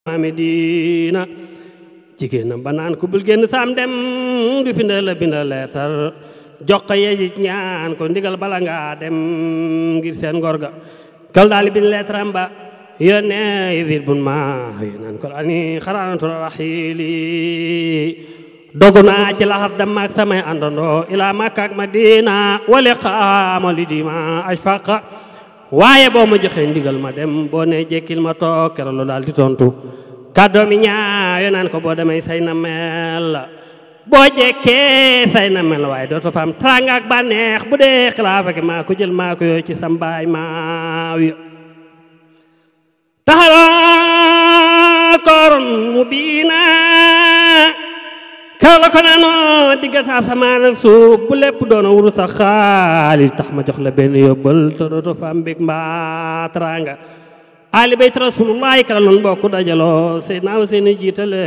maami diina jigéenam ba naan génn saam dem du fi ndee la bindal leetar jox ko ñaan ko ndigal bala ngaa dem ngir seen ngor ga kal daali bin leetaram ba yo ne yivit bun ma yo naan ko ani xaraantul raxiili dogu naa ci laxar dem ak samay àndandoo ilaa makka ak madina wali xaamali dima aj faqa waaye boo ma joxee ndigal ma dem boo ne jekkil ma toog keroog lu daal di tontu kàddoo mi naan ko boo demee say na mel la boo jekkee say na mel waaye dootu fa am tànga ak bu dee xilaafa ki maa ko jël maa ko yooyu ci sambaay maaw yo taxara koorun mu biina kaala ko naanoo asamaan ak suuf bu doona wuru sa tax ma jox la benn yóbbal te dooto fa am mbég mbaa rasulullahi kala loon bokk dajaloo Seydina Useyni jiitale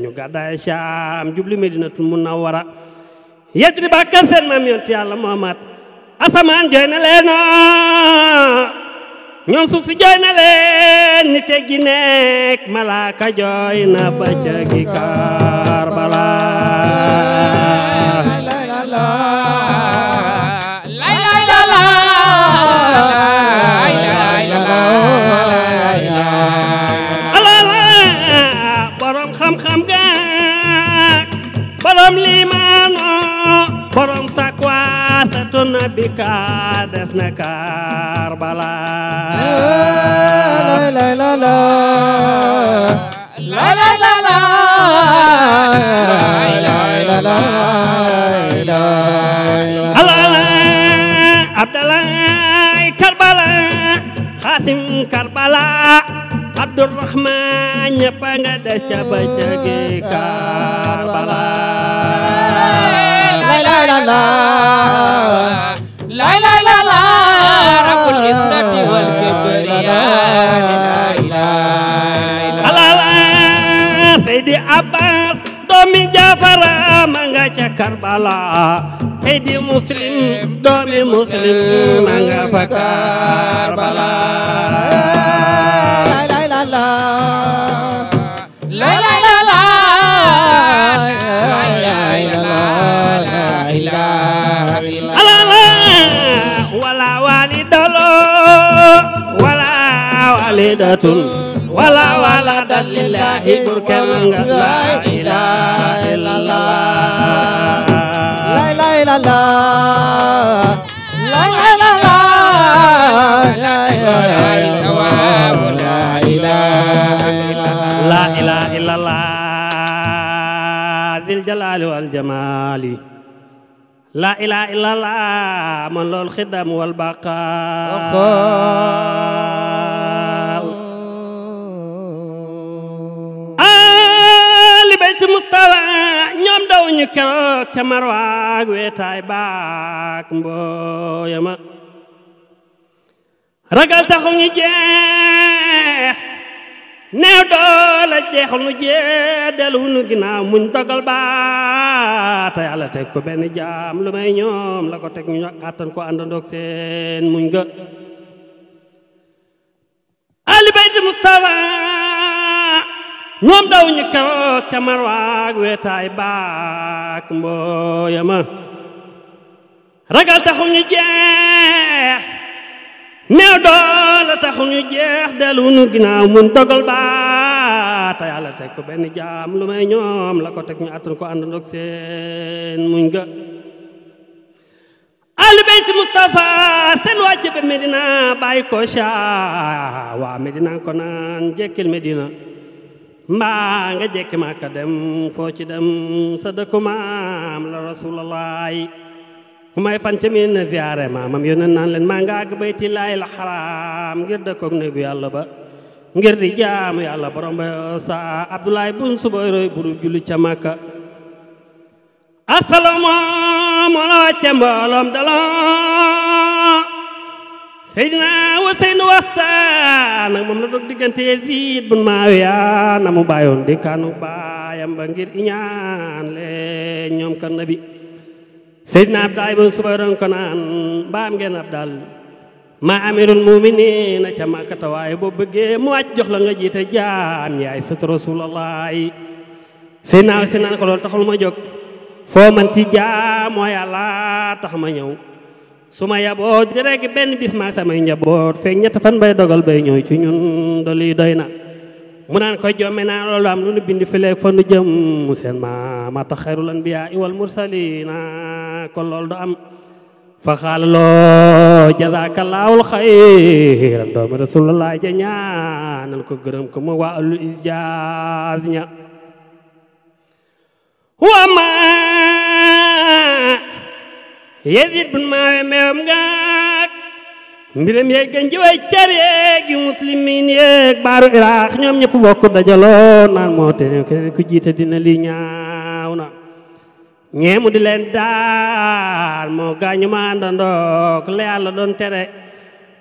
ñu gàddaay Saam jubli Medinatul Munawwara yeddi bàkka seen maam yonti yàlla Muhammad asamaan jooy na leena ñoom suuf si jooy na leen ni teggi malaaka jooy na borom limaano borom takwa satu nabi ka def na Karbala la la la la la la la la la Abdallah Karbala Khatim Karbala Abdurrahman punya pengadas siapa jadi Karbala la la la la la la la la Rabbul Izzati wal Kibriya Sayyidi Abbas Domi Jafar Sayyidi Muslim Domi Muslim والدة ولا ولدا لله ترك من لا إله إلا الله لا إله إلا الله لا إله إلا الله لا إله إلا الله لا إله إلا الله ذي الجلال والجمال لا إله إلا الله من له الخدم والبقاء ñu keroog ca marwaag weetaay baak yama ragal taxu je, jeex neew doole jeexul nu jee delu nu gina muñ tagal ba ta yalla teg ko ben jaam lu may la ko teg ñu atan ko andandok seen muñ ga ali bayt mustafa ñoom daw ñu keroog ca marwaag weetaay baak mbooyama ragal taxu ñu jeex néew doole taxu ñu jeex dellu nu ginnaaw mun dogal baa te teg ko benn jam lu may ñoom la ko teg ñu attan ko àndandoog seen muñ ga ahlu beyti Mustafa seen wàcce ba Medina bàyyi ko sha waa Medina ko naan jekkil Medina mbaa nga jekki màkka dem foo ci dem sa dëkku maam la rasulallaayi mu may fan ca miin na ziyaare maamam yónneen naan leen maa nga àgg bayti la xaraam ngir dëkkoog néegu yàlla ba ngir di jaamu yàlla borom ba sa abdoulaye bun subay roy buru julli ca màkka asalamu moo la wàcce mbooloom Seydina Huseyn waxtaan moom la doog diggante Yasiid bun Maawiya na mu bàyyoon di kaanu baayam ba ngir iñaan leen ñoom kan nabi Seydina Abdaay bun ngeen ab maa amirul muminina ca Makkata waaye boo bëggee mu wàcc jox la nga jiita jaam yaay sët Rasulullaahi Seydina Huseyn naan ko loolu taxul ma jóg foo man ci jaam moo yàlla tax ma ñëw suma yaboot di rek ben bis maag samay njaboot fe ñett fan bay dogal bay ñoy ci ñun doli doy na mu nan ko jome na lolu am lu ñu bind fileeg fa nu jëm ma anbiya wal mursalina ko loolu do am fa jazakallahu khair do mu rasulullah ja ñaanal ko gërem ko mu waalu allu wa Yezid bun maawe meewam ngaak mbiram yeeg gën car yeeg yu muslimin yeeg baaru iraq ñoom ñëpp bokk dajaloo naan moo te ne keneen ku jiite dina lii ñaaw na ñeemu di leen daal moo gaañu ma àndandook la doon tere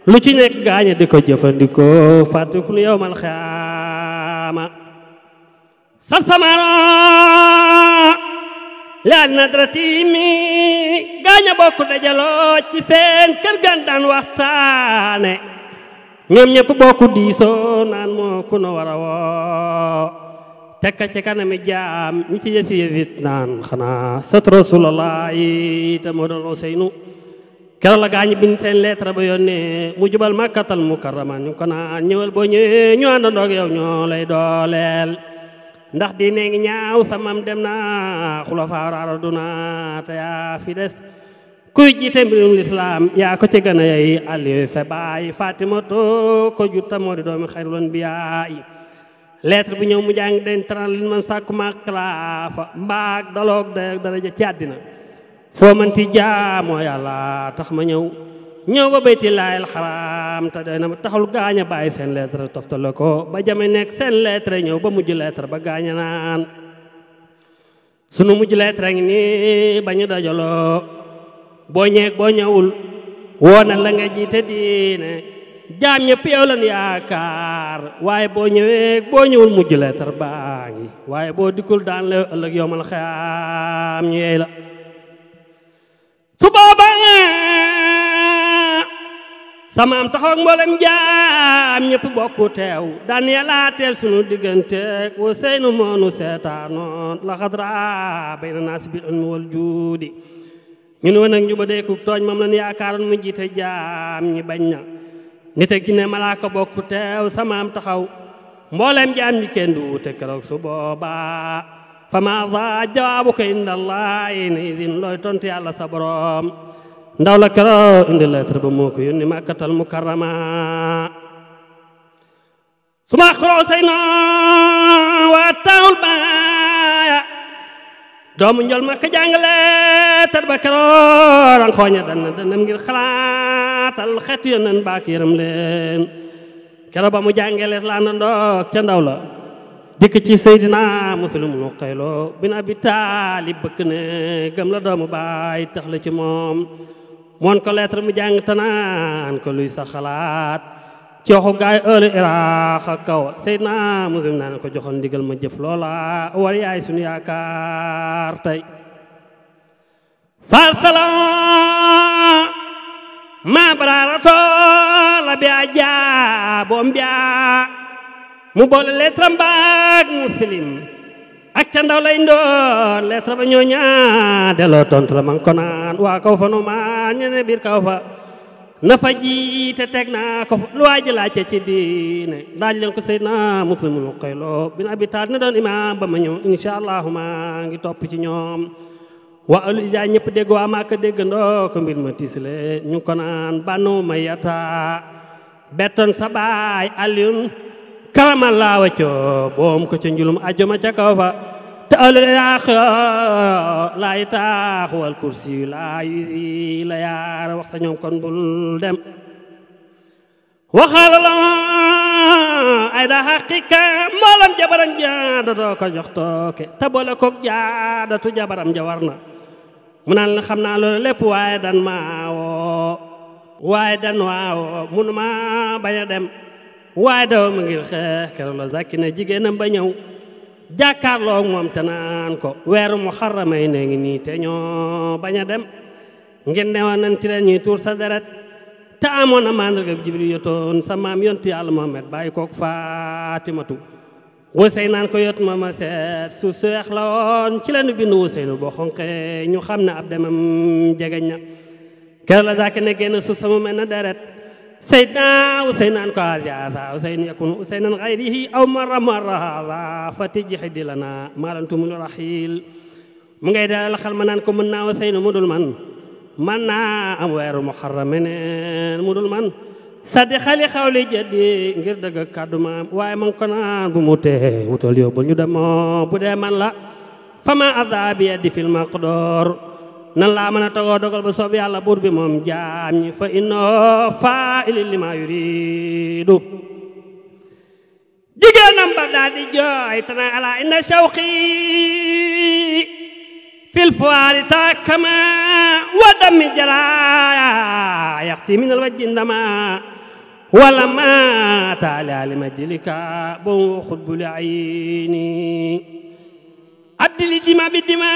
lu ci nekk gaaña di ko jëfandikoo fàttiku nu yowmal xiyaama sarsamaara lan na dratimi ganya gaañ a ci fen kër gandan waxtane ñom ñep bokku bokk diisoo naan moo ku no wara wo tekka ci kanami jaam ñi ci yefi yëfit nan xana sat rasulullahi te moo doon useynu la gañ bind fen lettre ba yonne mu jubal makkatal mukarrama ñu kana ñewal bo ñe ñu yow ñolay dolel ndax diine ngi ñaaw samam dem na xulafaa raduna te yaa fi des kuy jiite mbirum lislaam yaa ko ci gën a yey Aliyu sa baay Fatimatu ko jutta moo di doomi xayrul anbiyaa yi lettre bu ñëw mu jàng den taral li man sàkku maa xilaafa mbaag daloog dayoog daraja ci àddina foo mënti jaamoo yàlla tax ma ñëw ñew ba baytillaahil haram, ta doy na taxul gaña baye sen lettre toftale ba jame nek sen lettre ñew ba mujj lettre ba gaña nan sunu mujj lettre ngi ni bañu ñu bo ñek bo boo wona la nga jité diine jam ñep yow lan yaakar waye bo ñewé bo ñewul mujj lettre baangi waye bo dikul daan la ëlëk yowmal xaam ñu la su baba samaam taxaw ak mboolem jaam ñëpp bokku teew daan yàlla teel sunu digganteeg wa moonu seetaanoon la xadra bay na naas bil ulmi wal juudi ñun tooñ moom lan yaakaaroon mu jiite jaam ñi bañ na nit ak jinne malaaka bokku samaam taxaw mboolem jaam ñi kenn keroog su fa ma da jawaabu ko indallahi ne idin looy tontu yàlla sa ndaw la keroog indi lettre ba moo ko yónni Makkatal Mukarrama suma xoroosay na waa taawul baaya doomu njol Makka jàng lettre ba keroog an xooña dana danam ngir xalaatal xeetu yónneen baak yërëm leen keroog ba mu jàngee lees la ca ndaw la dikk ci Seydina Muslim nu xayloo bin Abi Taalib bëkk ne la doomu baay tax la ci moom moon ko lettre mu jàng tanaan ko luy sa xalaat gaay ëllu iraax kaw Seydina Muslim naa ne ko joxoon ndigal ma jëf loola war yaay sunu yaakaar tey farsala ma baraarato la bi a jaabom bi mu boole lettre mbaag muslim ak ndaw la ndoon lettre ba ñoo delloo tontu la man ko waa kaw nu maa ñene biir kaw fa na fa teg naa ko fa lu waay ji ci diine laaj leen ko Seydina Muslimul Xuyloo bin Abi Taalib ne doon imaam ba ma ñëw insha maa ngi topp ci ñoom waa alu ija ñëpp dégg waa maaka dégg ndoo ko mbir ma tiisle ñu ko banu ma yata bettoon sa baay Alioune karama la wacho bom ko ci njulum ajjuma ca kawfa ta al ilaaq kursi la la wax sa ñom kon bul dem waxal la ay da xaqiqa moolam jabaram da do ko jox tooke te jaadatu jabaram ja war na mu naan la xam dan ma wo waye dan wa woo munu dem waaye dawa mu ngi xeex keroog la zakki na jigéenam ba ñëw jàkkaarloo moom te naan ko weeru mu xarramay ne ngi nii te ñoo bañ dem ngir newoon nañ tireen ñuy tuur sa deret te amoon na mandarga bi jibril yotoon sa maam yoon ti Muhammad bàyyi kook Faatimatu wusey naan ko yot ma seet su seex la woon ci lañu bind wusey nu boo xonqee ñu xam ne ab demam jegeñ na keroog la zakki suuf sama mel na deret سيدنا حسين أنك هذا حسين يكون حسينا غيره أو مرة مرة هذا فتجح لنا ما لن رحيل mu ngay daal xel ma ko mën naa Ousseynou man man am weeru muharram meneen man sadi xali xawli jaddi ngir dëgg kàddu maam waaye ma ko bu nan la mana togo dogal ba sobi yalla bur bi mom jam ni fa innoo faa'ili lima yuridu jigéenam ba daal di jooy tana ala inna shawqi fil ta kama wa dami jala yaqti min al wajji indama wala ma taali alima jilika bon xutbul ayni abdili jima bi dima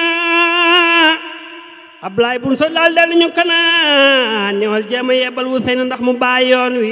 Ablaay bun so daal dellu ñu kanaan ñëwal jéema yebbal Useynu ndax mu bàyyi yoon wi